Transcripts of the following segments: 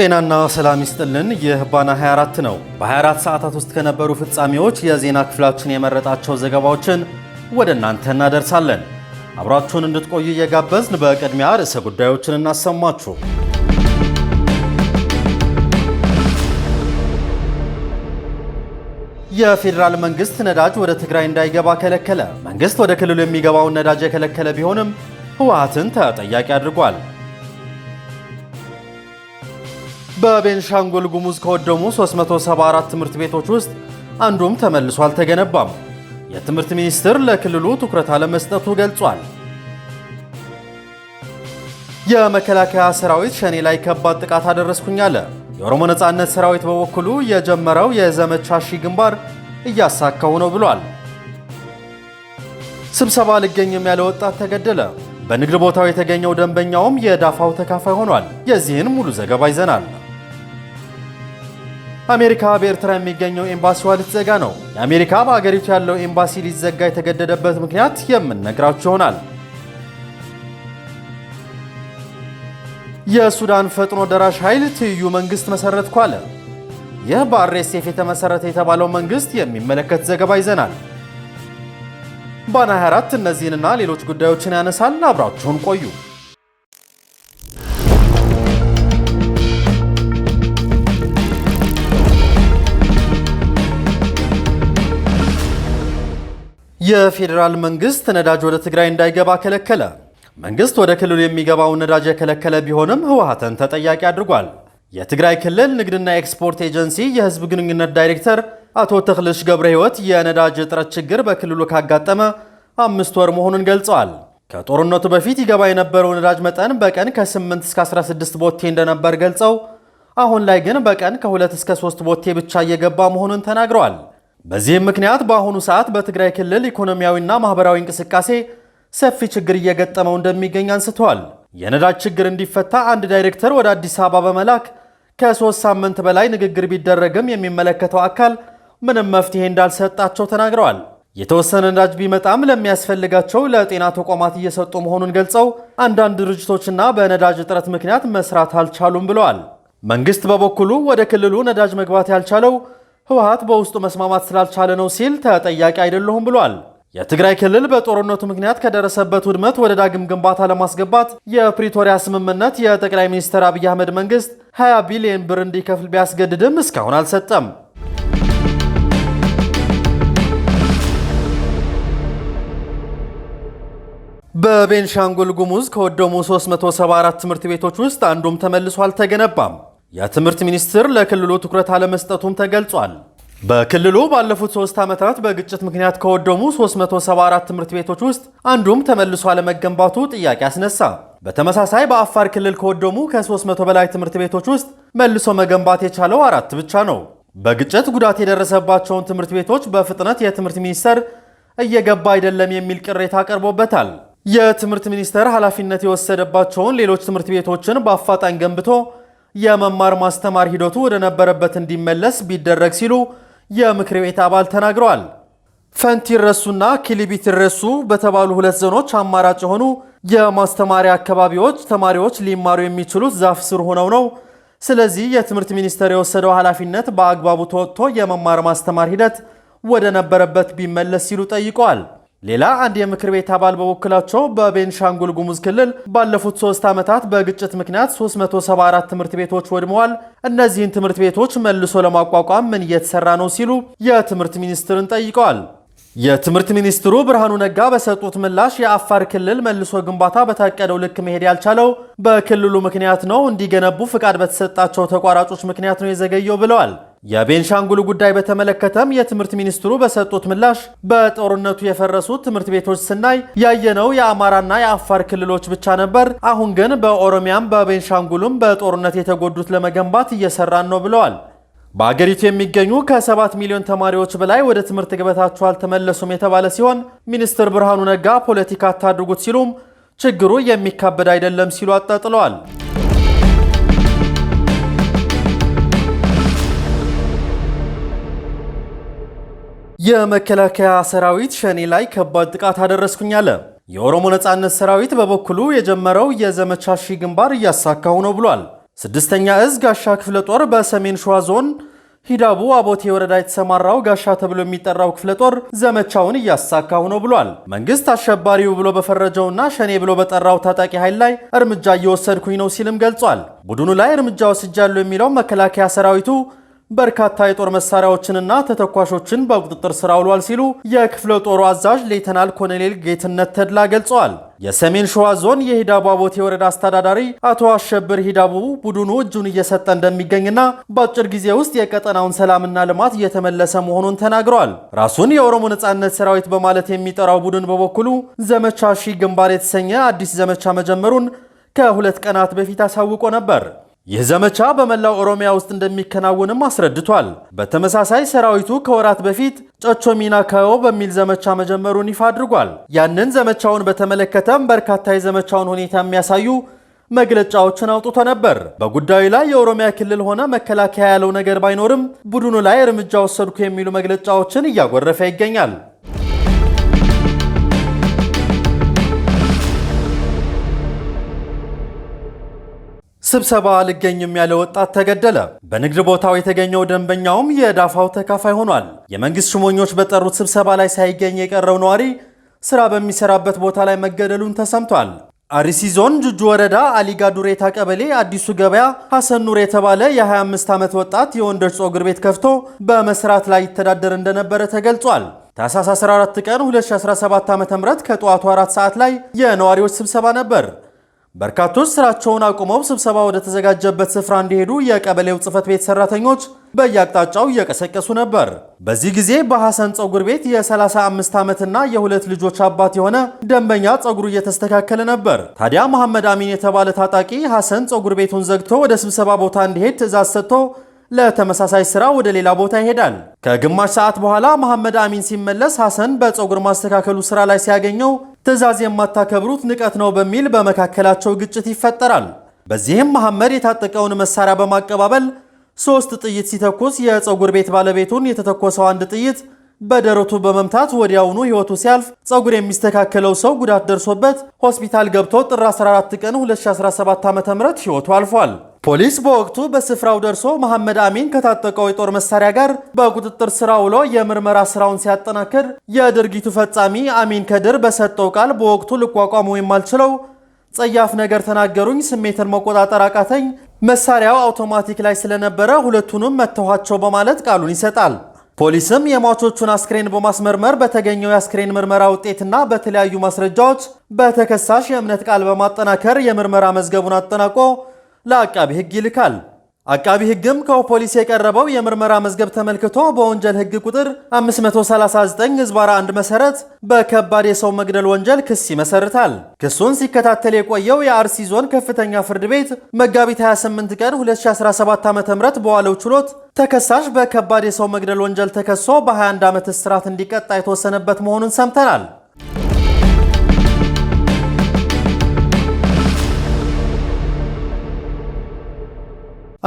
ጤናና ሰላም ይስጥልን። ይህ ባና 24 ነው። በ24 ሰዓታት ውስጥ ከነበሩ ፍጻሜዎች የዜና ክፍላችን የመረጣቸው ዘገባዎችን ወደ እናንተ እናደርሳለን። አብራችሁን እንድትቆዩ እየጋበዝን በቅድሚያ ርዕሰ ጉዳዮችን እናሰማችሁ። የፌዴራል መንግስት ነዳጅ ወደ ትግራይ እንዳይገባ ከለከለ። መንግስት ወደ ክልሉ የሚገባውን ነዳጅ የከለከለ ቢሆንም ህወሓትን ተጠያቂ አድርጓል። በቤንሻንጉል ጉሙዝ ከወደሙ 374 ትምህርት ቤቶች ውስጥ አንዱም ተመልሶ አልተገነባም። የትምህርት ሚኒስቴር ለክልሉ ትኩረት አለመስጠቱ ገልጿል። የመከላከያ ሰራዊት ሸኔ ላይ ከባድ ጥቃት አደረስኩኝ አለ። የኦሮሞ ነጻነት ሰራዊት በበኩሉ የጀመረው የዘመቻ ሺ ግንባር እያሳካው ነው ብሏል። ስብሰባ ልገኝም ያለ ወጣት ተገደለ። በንግድ ቦታው የተገኘው ደንበኛውም የዳፋው ተካፋይ ሆኗል። የዚህን ሙሉ ዘገባ ይዘናል። አሜሪካ በኤርትራ የሚገኘው ኤምባሲዋ ልትዘጋ ነው። የአሜሪካ በአገሪቱ ያለው ኤምባሲ ሊዘጋ የተገደደበት ምክንያት የምንነግራችሁ ይሆናል። የሱዳን ፈጥኖ ደራሽ ኃይል ትይዩ መንግስት መሠረትኩ አለ። ይህ በአርኤስኤፍ የተመሰረተ የተባለው መንግስት የሚመለከት ዘገባ ይዘናል። ባና 24 እነዚህንና ሌሎች ጉዳዮችን ያነሳል። አብራችሁን ቆዩ። የፌዴራል መንግስት ነዳጅ ወደ ትግራይ እንዳይገባ ከለከለ። መንግስት ወደ ክልሉ የሚገባውን ነዳጅ የከለከለ ቢሆንም ህወሓትን ተጠያቂ አድርጓል። የትግራይ ክልል ንግድና ኤክስፖርት ኤጀንሲ የህዝብ ግንኙነት ዳይሬክተር አቶ ተክልሽ ገብረ ህይወት የነዳጅ እጥረት ችግር በክልሉ ካጋጠመ አምስት ወር መሆኑን ገልጸዋል። ከጦርነቱ በፊት ይገባ የነበረው ነዳጅ መጠን በቀን ከ8 እስከ 16 ቦቴ እንደነበር ገልጸው አሁን ላይ ግን በቀን ከ2 እስከ 3 ቦቴ ብቻ እየገባ መሆኑን ተናግረዋል። በዚህም ምክንያት በአሁኑ ሰዓት በትግራይ ክልል ኢኮኖሚያዊና ማኅበራዊ እንቅስቃሴ ሰፊ ችግር እየገጠመው እንደሚገኝ አንስተዋል። የነዳጅ ችግር እንዲፈታ አንድ ዳይሬክተር ወደ አዲስ አበባ በመላክ ከሶስት ሳምንት በላይ ንግግር ቢደረግም የሚመለከተው አካል ምንም መፍትሄ እንዳልሰጣቸው ተናግረዋል። የተወሰነ ነዳጅ ቢመጣም ለሚያስፈልጋቸው ለጤና ተቋማት እየሰጡ መሆኑን ገልጸው አንዳንድ ድርጅቶችና በነዳጅ እጥረት ምክንያት መስራት አልቻሉም ብለዋል። መንግስት በበኩሉ ወደ ክልሉ ነዳጅ መግባት ያልቻለው ህወሀት በውስጡ መስማማት ስላልቻለ ነው ሲል ተጠያቂ አይደለሁም ብሏል። የትግራይ ክልል በጦርነቱ ምክንያት ከደረሰበት ውድመት ወደ ዳግም ግንባታ ለማስገባት የፕሪቶሪያ ስምምነት የጠቅላይ ሚኒስትር አብይ አህመድ መንግስት 20 ቢሊዮን ብር እንዲከፍል ቢያስገድድም እስካሁን አልሰጠም። በቤንሻንጉል ጉሙዝ ከወደሙ 374 ትምህርት ቤቶች ውስጥ አንዱም ተመልሶ አልተገነባም። የትምህርት ሚኒስቴር ለክልሉ ትኩረት አለመስጠቱም ተገልጿል። በክልሉ ባለፉት ሶስት ዓመታት በግጭት ምክንያት ከወደሙ 374 ትምህርት ቤቶች ውስጥ አንዱም ተመልሶ አለመገንባቱ ጥያቄ አስነሳ። በተመሳሳይ በአፋር ክልል ከወደሙ ከ300 በላይ ትምህርት ቤቶች ውስጥ መልሶ መገንባት የቻለው አራት ብቻ ነው። በግጭት ጉዳት የደረሰባቸውን ትምህርት ቤቶች በፍጥነት የትምህርት ሚኒስቴር እየገባ አይደለም የሚል ቅሬታ ቀርቦበታል። የትምህርት ሚኒስቴር ኃላፊነት የወሰደባቸውን ሌሎች ትምህርት ቤቶችን በአፋጣኝ ገንብቶ የመማር ማስተማር ሂደቱ ወደ ነበረበት እንዲመለስ ቢደረግ ሲሉ የምክር ቤት አባል ተናግረዋል። ፈንቲ ረሱና ኪሊቢት ረሱ በተባሉ ሁለት ዞኖች አማራጭ የሆኑ የማስተማሪያ አካባቢዎች ተማሪዎች ሊማሩ የሚችሉት ዛፍ ስር ሆነው ነው። ስለዚህ የትምህርት ሚኒስቴር የወሰደው ኃላፊነት በአግባቡ ተወጥቶ የመማር ማስተማር ሂደት ወደ ነበረበት ቢመለስ ሲሉ ጠይቀዋል። ሌላ አንድ የምክር ቤት አባል በበኩላቸው በቤንሻንጉል ጉሙዝ ክልል ባለፉት ሶስት ዓመታት በግጭት ምክንያት 374 ትምህርት ቤቶች ወድመዋል፣ እነዚህን ትምህርት ቤቶች መልሶ ለማቋቋም ምን እየተሰራ ነው ሲሉ የትምህርት ሚኒስትርን ጠይቀዋል። የትምህርት ሚኒስትሩ ብርሃኑ ነጋ በሰጡት ምላሽ የአፋር ክልል መልሶ ግንባታ በታቀደው ልክ መሄድ ያልቻለው በክልሉ ምክንያት ነው፣ እንዲገነቡ ፍቃድ በተሰጣቸው ተቋራጮች ምክንያት ነው የዘገየው ብለዋል። የቤንሻንጉል ጉዳይ በተመለከተም የትምህርት ሚኒስትሩ በሰጡት ምላሽ በጦርነቱ የፈረሱት ትምህርት ቤቶች ስናይ ያየነው የአማራና የአፋር ክልሎች ብቻ ነበር። አሁን ግን በኦሮሚያም በቤንሻንጉልም በጦርነት የተጎዱት ለመገንባት እየሰራን ነው ብለዋል። በአገሪቱ የሚገኙ ከ7 ሚሊዮን ተማሪዎች በላይ ወደ ትምህርት ገበታቸው አልተመለሱም የተባለ ሲሆን ሚኒስትር ብርሃኑ ነጋ ፖለቲካ አታድርጉት ሲሉም ችግሩ የሚካበድ አይደለም ሲሉ አጣጥለዋል። የመከላከያ ሰራዊት ሸኔ ላይ ከባድ ጥቃት አደረስኩኝ አለ። የኦሮሞ ነጻነት ሰራዊት በበኩሉ የጀመረው የዘመቻ ሺ ግንባር እያሳካው ነው ብሏል። ስድስተኛ እዝ ጋሻ ክፍለ ጦር በሰሜን ሸዋ ዞን ሂዳቡ አቦቴ ወረዳ የተሰማራው ጋሻ ተብሎ የሚጠራው ክፍለ ጦር ዘመቻውን እያሳካው ነው ብሏል። መንግስት አሸባሪው ብሎ በፈረጀውና ሸኔ ብሎ በጠራው ታጣቂ ኃይል ላይ እርምጃ እየወሰድኩኝ ነው ሲልም ገልጿል። ቡድኑ ላይ እርምጃ ወስጃለሁ የሚለው መከላከያ ሰራዊቱ በርካታ የጦር መሳሪያዎችንና ተተኳሾችን በቁጥጥር ስር አውሏል ሲሉ የክፍለ ጦሩ አዛዥ ሌተናል ኮሎኔል ጌትነት ተድላ ገልጸዋል። የሰሜን ሸዋ ዞን የሂዳቡ አቦቴ ወረዳ አስተዳዳሪ አቶ አሸብር ሂዳቡ ቡድኑ እጁን እየሰጠ እንደሚገኝና በአጭር ጊዜ ውስጥ የቀጠናውን ሰላምና ልማት እየተመለሰ መሆኑን ተናግረዋል። ራሱን የኦሮሞ ነጻነት ሰራዊት በማለት የሚጠራው ቡድን በበኩሉ ዘመቻ ሺህ ግንባር የተሰኘ አዲስ ዘመቻ መጀመሩን ከሁለት ቀናት በፊት አሳውቆ ነበር። ይህ ዘመቻ በመላው ኦሮሚያ ውስጥ እንደሚከናወንም አስረድቷል። በተመሳሳይ ሰራዊቱ ከወራት በፊት ጨቾ ሚና ካዮ በሚል ዘመቻ መጀመሩን ይፋ አድርጓል። ያንን ዘመቻውን በተመለከተም በርካታ የዘመቻውን ሁኔታ የሚያሳዩ መግለጫዎችን አውጥቶ ነበር። በጉዳዩ ላይ የኦሮሚያ ክልል ሆነ መከላከያ ያለው ነገር ባይኖርም ቡድኑ ላይ እርምጃ ወሰድኩ የሚሉ መግለጫዎችን እያጎረፈ ይገኛል። ስብሰባ አልገኝም ያለ ወጣት ተገደለ። በንግድ ቦታው የተገኘው ደንበኛውም የዳፋው ተካፋይ ሆኗል። የመንግስት ሹመኞች በጠሩት ስብሰባ ላይ ሳይገኝ የቀረው ነዋሪ ስራ በሚሰራበት ቦታ ላይ መገደሉን ተሰምቷል። አርሲ ዞን ጁጁ ወረዳ አሊጋ ዱሬታ ቀበሌ አዲሱ ገበያ ሐሰን ኑር የተባለ የ25 ዓመት ወጣት የወንዶች ጸጉር ቤት ከፍቶ በመስራት ላይ ይተዳደር እንደነበረ ተገልጿል። ታህሳስ 14 ቀን 2017 ዓ.ም ከጠዋቱ 4 ሰዓት ላይ የነዋሪዎች ስብሰባ ነበር። በርካቶች ስራቸውን አቁመው ስብሰባ ወደ ተዘጋጀበት ስፍራ እንዲሄዱ የቀበሌው ጽህፈት ቤት ሰራተኞች በየአቅጣጫው እየቀሰቀሱ ነበር። በዚህ ጊዜ በሐሰን ፀጉር ቤት የ35 ዓመትና የሁለት ልጆች አባት የሆነ ደንበኛ ፀጉሩ እየተስተካከለ ነበር። ታዲያ መሐመድ አሚን የተባለ ታጣቂ ሐሰን ፀጉር ቤቱን ዘግቶ ወደ ስብሰባ ቦታ እንዲሄድ ትዕዛዝ ሰጥቶ ለተመሳሳይ ስራ ወደ ሌላ ቦታ ይሄዳል። ከግማሽ ሰዓት በኋላ መሐመድ አሚን ሲመለስ ሐሰን በፀጉር ማስተካከሉ ስራ ላይ ሲያገኘው ትዕዛዝ የማታከብሩት ንቀት ነው በሚል በመካከላቸው ግጭት ይፈጠራል። በዚህም መሐመድ የታጠቀውን መሳሪያ በማቀባበል ሶስት ጥይት ሲተኩስ የፀጉር ቤት ባለቤቱን የተተኮሰው አንድ ጥይት በደረቱ በመምታት ወዲያውኑ ሕይወቱ ሲያልፍ ፀጉር የሚስተካከለው ሰው ጉዳት ደርሶበት ሆስፒታል ገብቶ ጥር 14 ቀን 2017 ዓ.ም ሕይወቱ አልፏል። ፖሊስ በወቅቱ በስፍራው ደርሶ መሐመድ አሚን ከታጠቀው የጦር መሳሪያ ጋር በቁጥጥር ስራ ውሎ የምርመራ ስራውን ሲያጠናክር የድርጊቱ ፈጻሚ አሚን ከድር በሰጠው ቃል በወቅቱ ልቋቋመው የማልችለው ጸያፍ ነገር ተናገሩኝ፣ ስሜትን መቆጣጠር አቃተኝ፣ መሳሪያው አውቶማቲክ ላይ ስለነበረ ሁለቱንም መተኋቸው በማለት ቃሉን ይሰጣል። ፖሊስም የሟቾቹን አስክሬን በማስመርመር በተገኘው የአስክሬን ምርመራ ውጤትና በተለያዩ ማስረጃዎች በተከሳሽ የእምነት ቃል በማጠናከር የምርመራ መዝገቡን አጠናቆ ለአቃቢ ህግ ይልካል። አቃቢ ከው ከፖሊስ የቀረበው የምርመራ መዝገብ ተመልክቶ በወንጀል ህግ ቁጥር 539 ዝባራ 1 መሰረት በከባድ የሰው መግደል ወንጀል ክስ ይመሰርታል። ክሱን ሲከታተል የቆየው የአርሲ ዞን ከፍተኛ ፍርድ ቤት መጋቢት 28 ቀን 2017 ዓ ም በዋለው ችሎት ተከሳሽ በከባድ የሰው መግደል ወንጀል ተከሶ በ21 ዓመት እስራት እንዲቀጣ የተወሰነበት መሆኑን ሰምተናል።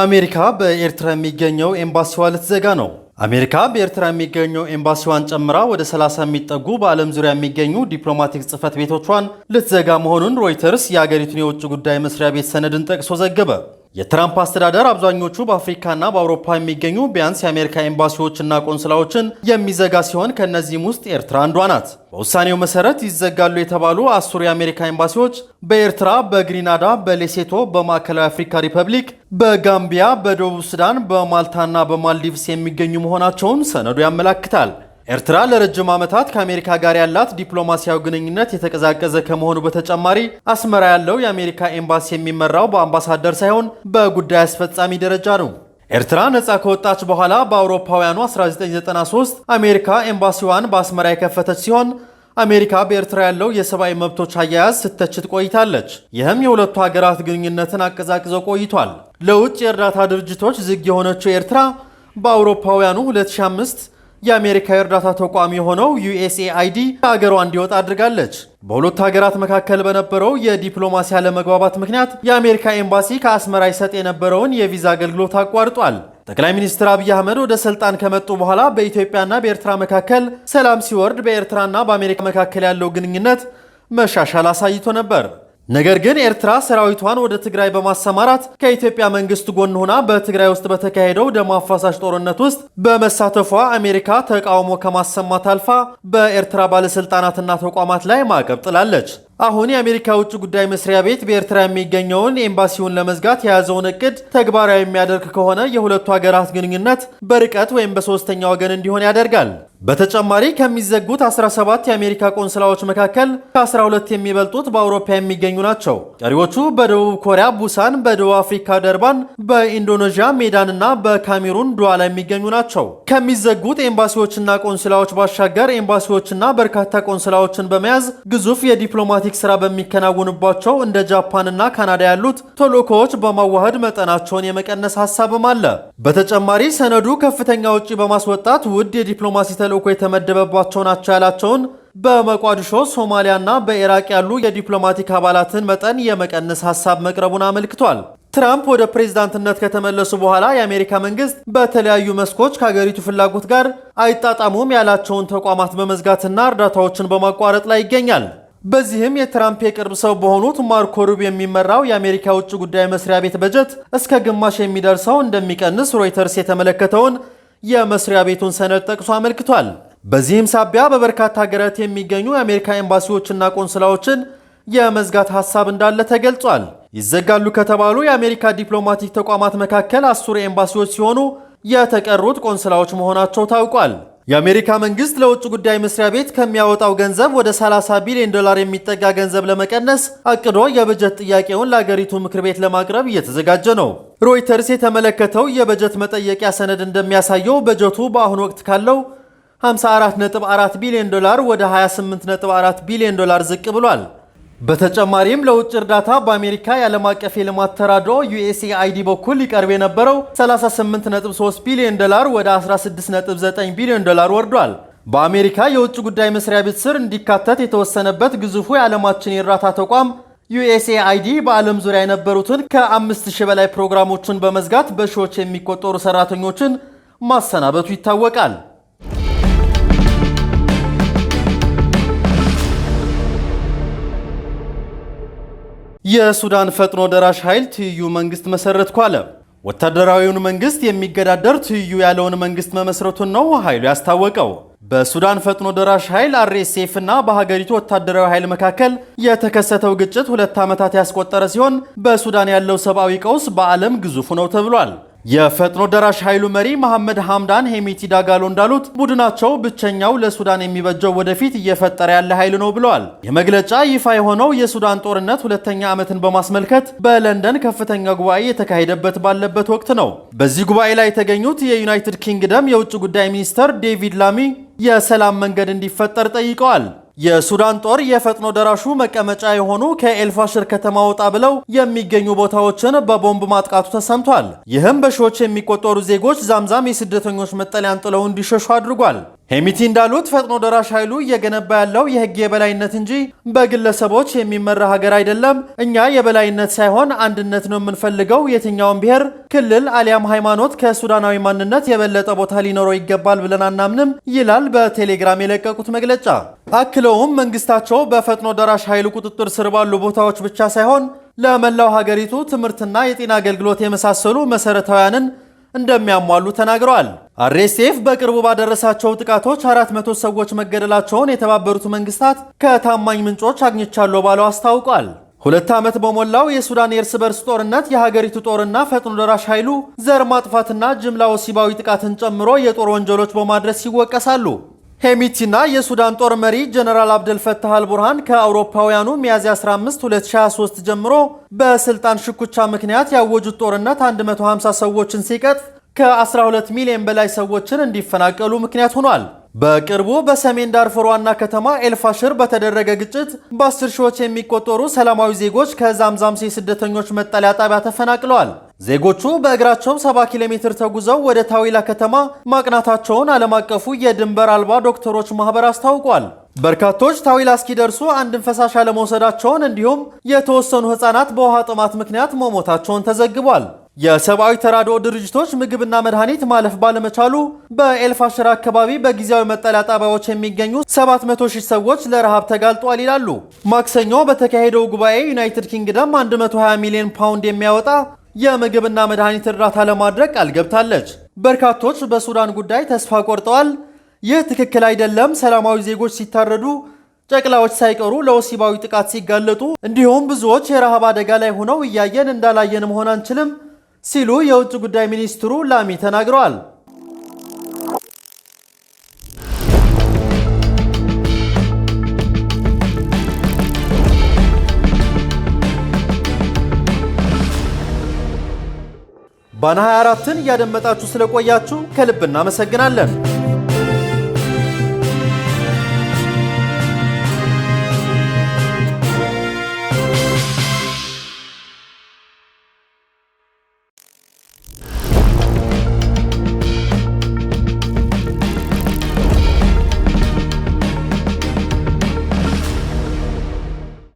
አሜሪካ በኤርትራ የሚገኘው ኤምባሲዋ ልትዘጋ ነው። አሜሪካ በኤርትራ የሚገኘው ኤምባሲዋን ጨምራ ወደ 30 የሚጠጉ በዓለም ዙሪያ የሚገኙ ዲፕሎማቲክ ጽህፈት ቤቶቿን ልትዘጋ መሆኑን ሮይተርስ የአገሪቱን የውጭ ጉዳይ መስሪያ ቤት ሰነድን ጠቅሶ ዘገበ። የትራምፕ አስተዳደር አብዛኞቹ በአፍሪካና በአውሮፓ የሚገኙ ቢያንስ የአሜሪካ ኤምባሲዎችና ቆንስላዎችን የሚዘጋ ሲሆን ከእነዚህም ውስጥ ኤርትራ አንዷ ናት። በውሳኔው መሰረት ይዘጋሉ የተባሉ አስሩ የአሜሪካ ኤምባሲዎች በኤርትራ፣ በግሪናዳ፣ በሌሴቶ፣ በማዕከላዊ አፍሪካ ሪፐብሊክ፣ በጋምቢያ፣ በደቡብ ሱዳን፣ በማልታና በማልዲቭስ የሚገኙ መሆናቸውን ሰነዱ ያመላክታል። ኤርትራ ለረጅም ዓመታት ከአሜሪካ ጋር ያላት ዲፕሎማሲያዊ ግንኙነት የተቀዛቀዘ ከመሆኑ በተጨማሪ አስመራ ያለው የአሜሪካ ኤምባሲ የሚመራው በአምባሳደር ሳይሆን በጉዳይ አስፈጻሚ ደረጃ ነው። ኤርትራ ነፃ ከወጣች በኋላ በአውሮፓውያኑ 1993 አሜሪካ ኤምባሲዋን በአስመራ የከፈተች ሲሆን አሜሪካ በኤርትራ ያለው የሰብአዊ መብቶች አያያዝ ስተችት ቆይታለች። ይህም የሁለቱ ሀገራት ግንኙነትን አቀዛቅዞ ቆይቷል። ለውጭ የእርዳታ ድርጅቶች ዝግ የሆነችው ኤርትራ በአውሮፓውያኑ 2005 የአሜሪካ የእርዳታ ተቋም የሆነው ዩኤስኤአይዲ ከሀገሯ እንዲወጣ አድርጋለች። በሁለት ሀገራት መካከል በነበረው የዲፕሎማሲ አለመግባባት ምክንያት የአሜሪካ ኤምባሲ ከአስመራ ይሰጥ የነበረውን የቪዛ አገልግሎት አቋርጧል። ጠቅላይ ሚኒስትር አብይ አህመድ ወደ ስልጣን ከመጡ በኋላ በኢትዮጵያና በኤርትራ መካከል ሰላም ሲወርድ፣ በኤርትራና በአሜሪካ መካከል ያለው ግንኙነት መሻሻል አሳይቶ ነበር። ነገር ግን ኤርትራ ሰራዊቷን ወደ ትግራይ በማሰማራት ከኢትዮጵያ መንግስት ጎን ሆና በትግራይ ውስጥ በተካሄደው ደም አፋሳሽ ጦርነት ውስጥ በመሳተፏ አሜሪካ ተቃውሞ ከማሰማት አልፋ በኤርትራ ባለስልጣናትና ተቋማት ላይ ማዕቀብ ጥላለች። አሁን የአሜሪካ ውጭ ጉዳይ መስሪያ ቤት በኤርትራ የሚገኘውን ኤምባሲውን ለመዝጋት የያዘውን እቅድ ተግባራዊ የሚያደርግ ከሆነ የሁለቱ ሀገራት ግንኙነት በርቀት ወይም በሶስተኛ ወገን እንዲሆን ያደርጋል። በተጨማሪ ከሚዘጉት 17 የአሜሪካ ቆንስላዎች መካከል ከ12 የሚበልጡት በአውሮፓ የሚገኙ ናቸው። ቀሪዎቹ በደቡብ ኮሪያ ቡሳን፣ በደቡብ አፍሪካ ደርባን፣ በኢንዶኔዥያ ሜዳንና በካሜሩን ዱዋላ የሚገኙ ናቸው። ከሚዘጉት ኤምባሲዎችና ቆንስላዎች ባሻገር ኤምባሲዎችና በርካታ ቆንስላዎችን በመያዝ ግዙፍ የዲፕሎማቲክ ስራ በሚከናወንባቸው እንደ ጃፓንና ካናዳ ያሉት ተልዕኮዎች በማዋሃድ መጠናቸውን የመቀነስ ሀሳብም አለ። በተጨማሪ ሰነዱ ከፍተኛ ውጪ በማስወጣት ውድ የዲፕሎማሲ ተ ተልዕኮ የተመደበባቸው ናቸው ያላቸውን በመቋዲሾ ሶማሊያና በኢራቅ ያሉ የዲፕሎማቲክ አባላትን መጠን የመቀነስ ሀሳብ መቅረቡን አመልክቷል። ትራምፕ ወደ ፕሬዝዳንትነት ከተመለሱ በኋላ የአሜሪካ መንግስት በተለያዩ መስኮች ከሀገሪቱ ፍላጎት ጋር አይጣጣሙም ያላቸውን ተቋማት በመዝጋትና እርዳታዎችን በማቋረጥ ላይ ይገኛል። በዚህም የትራምፕ የቅርብ ሰው በሆኑት ማርኮ ሩብ የሚመራው የአሜሪካ ውጭ ጉዳይ መስሪያ ቤት በጀት እስከ ግማሽ የሚደርሰው እንደሚቀንስ ሮይተርስ የተመለከተውን የመስሪያ ቤቱን ሰነድ ጠቅሶ አመልክቷል። በዚህም ሳቢያ በበርካታ ሀገራት የሚገኙ የአሜሪካ ኤምባሲዎችና ቆንስላዎችን የመዝጋት ሀሳብ እንዳለ ተገልጿል። ይዘጋሉ ከተባሉ የአሜሪካ ዲፕሎማቲክ ተቋማት መካከል አሱር ኤምባሲዎች ሲሆኑ የተቀሩት ቆንስላዎች መሆናቸው ታውቋል። የአሜሪካ መንግስት ለውጭ ጉዳይ መስሪያ ቤት ከሚያወጣው ገንዘብ ወደ 30 ቢሊዮን ዶላር የሚጠጋ ገንዘብ ለመቀነስ አቅዶ የበጀት ጥያቄውን ለአገሪቱ ምክር ቤት ለማቅረብ እየተዘጋጀ ነው። ሮይተርስ የተመለከተው የበጀት መጠየቂያ ሰነድ እንደሚያሳየው በጀቱ በአሁኑ ወቅት ካለው 54.4 ቢሊዮን ዶላር ወደ 28.4 ቢሊዮን ዶላር ዝቅ ብሏል። በተጨማሪም ለውጭ እርዳታ በአሜሪካ የዓለም አቀፍ የልማት ተራድኦ ዩኤስኤአይዲ በኩል ሊቀርብ የነበረው 38.3 ቢሊዮን ዶላር ወደ 16.9 ቢሊዮን ዶላር ወርዷል። በአሜሪካ የውጭ ጉዳይ መስሪያ ቤት ስር እንዲካተት የተወሰነበት ግዙፉ የዓለማችን የእርዳታ ተቋም ዩኤስኤአይዲ በዓለም ዙሪያ የነበሩትን ከ5000 በላይ ፕሮግራሞችን በመዝጋት በሺዎች የሚቆጠሩ ሰራተኞችን ማሰናበቱ ይታወቃል። የሱዳን ፈጥኖ ደራሽ ኃይል ትይዩ መንግስት መሰረትኩ አለ። ወታደራዊውን መንግስት የሚገዳደር ትይዩ ያለውን መንግስት መመስረቱን ነው ኃይሉ ያስታወቀው። በሱዳን ፈጥኖ ደራሽ ኃይል አርኤስኤፍ እና በሀገሪቱ ወታደራዊ ኃይል መካከል የተከሰተው ግጭት ሁለት ዓመታት ያስቆጠረ ሲሆን በሱዳን ያለው ሰብአዊ ቀውስ በዓለም ግዙፉ ነው ተብሏል። የፈጥኖ ደራሽ ኃይሉ መሪ መሐመድ ሐምዳን ሄሜቲ ዳጋሎ እንዳሉት ቡድናቸው ብቸኛው ለሱዳን የሚበጀው ወደፊት እየፈጠረ ያለ ኃይል ነው ብለዋል። የመግለጫ ይፋ የሆነው የሱዳን ጦርነት ሁለተኛ ዓመትን በማስመልከት በለንደን ከፍተኛ ጉባኤ የተካሄደበት ባለበት ወቅት ነው። በዚህ ጉባኤ ላይ የተገኙት የዩናይትድ ኪንግደም የውጭ ጉዳይ ሚኒስተር ዴቪድ ላሚ የሰላም መንገድ እንዲፈጠር ጠይቀዋል። የሱዳን ጦር የፈጥኖ ደራሹ መቀመጫ የሆኑ ከኤልፋሽር ከተማ ወጣ ብለው የሚገኙ ቦታዎችን በቦምብ ማጥቃቱ ተሰምቷል። ይህም በሺዎች የሚቆጠሩ ዜጎች ዛምዛም የስደተኞች መጠለያን ጥለው እንዲሸሹ አድርጓል። ሄሚቲ እንዳሉት ፈጥኖ ደራሽ ኃይሉ እየገነባ ያለው የህግ የበላይነት እንጂ በግለሰቦች የሚመራ ሀገር አይደለም። እኛ የበላይነት ሳይሆን አንድነት ነው የምንፈልገው። የትኛውን ብሔር፣ ክልል አሊያም ሃይማኖት ከሱዳናዊ ማንነት የበለጠ ቦታ ሊኖረው ይገባል ብለን አናምንም ይላል በቴሌግራም የለቀቁት መግለጫ። አክለውም መንግስታቸው በፈጥኖ ደራሽ ኃይሉ ቁጥጥር ስር ባሉ ቦታዎች ብቻ ሳይሆን ለመላው ሀገሪቱ ትምህርትና የጤና አገልግሎት የመሳሰሉ መሰረታውያንን እንደሚያሟሉ ተናግረዋል። አርኤስኤፍ በቅርቡ ባደረሳቸው ጥቃቶች 400 ሰዎች መገደላቸውን የተባበሩት መንግስታት ከታማኝ ምንጮች አግኝቻለሁ ባለው አስታውቋል። ሁለት ዓመት በሞላው የሱዳን የእርስ በርስ ጦርነት የሀገሪቱ ጦርና ፈጥኖ ደራሽ ኃይሉ ዘር ማጥፋትና ጅምላ ወሲባዊ ጥቃትን ጨምሮ የጦር ወንጀሎች በማድረስ ይወቀሳሉ። ሄሚቲና የሱዳን ጦር መሪ ጀነራል አብደልፈታህ አልቡርሃን ከአውሮፓውያኑ ሚያዝያ 15 2023 ጀምሮ በስልጣን ሽኩቻ ምክንያት ያወጁት ጦርነት 150 ሰዎችን ሲቀጥፍ ከ12 ሚሊዮን በላይ ሰዎችን እንዲፈናቀሉ ምክንያት ሆኗል። በቅርቡ በሰሜን ዳርፎር ዋና ከተማ ኤልፋሽር በተደረገ ግጭት በ10 ሺዎች የሚቆጠሩ ሰላማዊ ዜጎች ከዛምዛምሴ ስደተኞች መጠለያ ጣቢያ ተፈናቅለዋል። ዜጎቹ በእግራቸው 70 ኪሎ ሜትር ተጉዘው ወደ ታዊላ ከተማ ማቅናታቸውን ዓለም አቀፉ የድንበር አልባ ዶክተሮች ማህበር አስታውቋል። በርካቶች ታዊላ እስኪደርሱ አንድን ፈሳሽ አለመውሰዳቸውን እንዲሁም የተወሰኑ ሕፃናት በውሃ ጥማት ምክንያት መሞታቸውን ተዘግቧል። የሰብአዊ ተራድኦ ድርጅቶች ምግብና መድኃኒት ማለፍ ባለመቻሉ በኤልፋሽር አካባቢ በጊዜያዊ መጠለያ ጣቢያዎች የሚገኙ 700 ሺህ ሰዎች ለረሃብ ተጋልጧል ይላሉ። ማክሰኞ በተካሄደው ጉባኤ ዩናይትድ ኪንግደም 120 ሚሊዮን ፓውንድ የሚያወጣ የምግብና መድኃኒት እርዳታ ለማድረግ ቃል ገብታለች። በርካቶች በሱዳን ጉዳይ ተስፋ ቆርጠዋል። ይህ ትክክል አይደለም፣ ሰላማዊ ዜጎች ሲታረዱ፣ ጨቅላዎች ሳይቀሩ ለወሲባዊ ጥቃት ሲጋለጡ፣ እንዲሁም ብዙዎች የረሃብ አደጋ ላይ ሆነው እያየን እንዳላየን መሆን አንችልም ሲሉ የውጭ ጉዳይ ሚኒስትሩ ላሚ ተናግረዋል። ባና 24ን እያደመጣችሁ ስለቆያችሁ ከልብ እናመሰግናለን።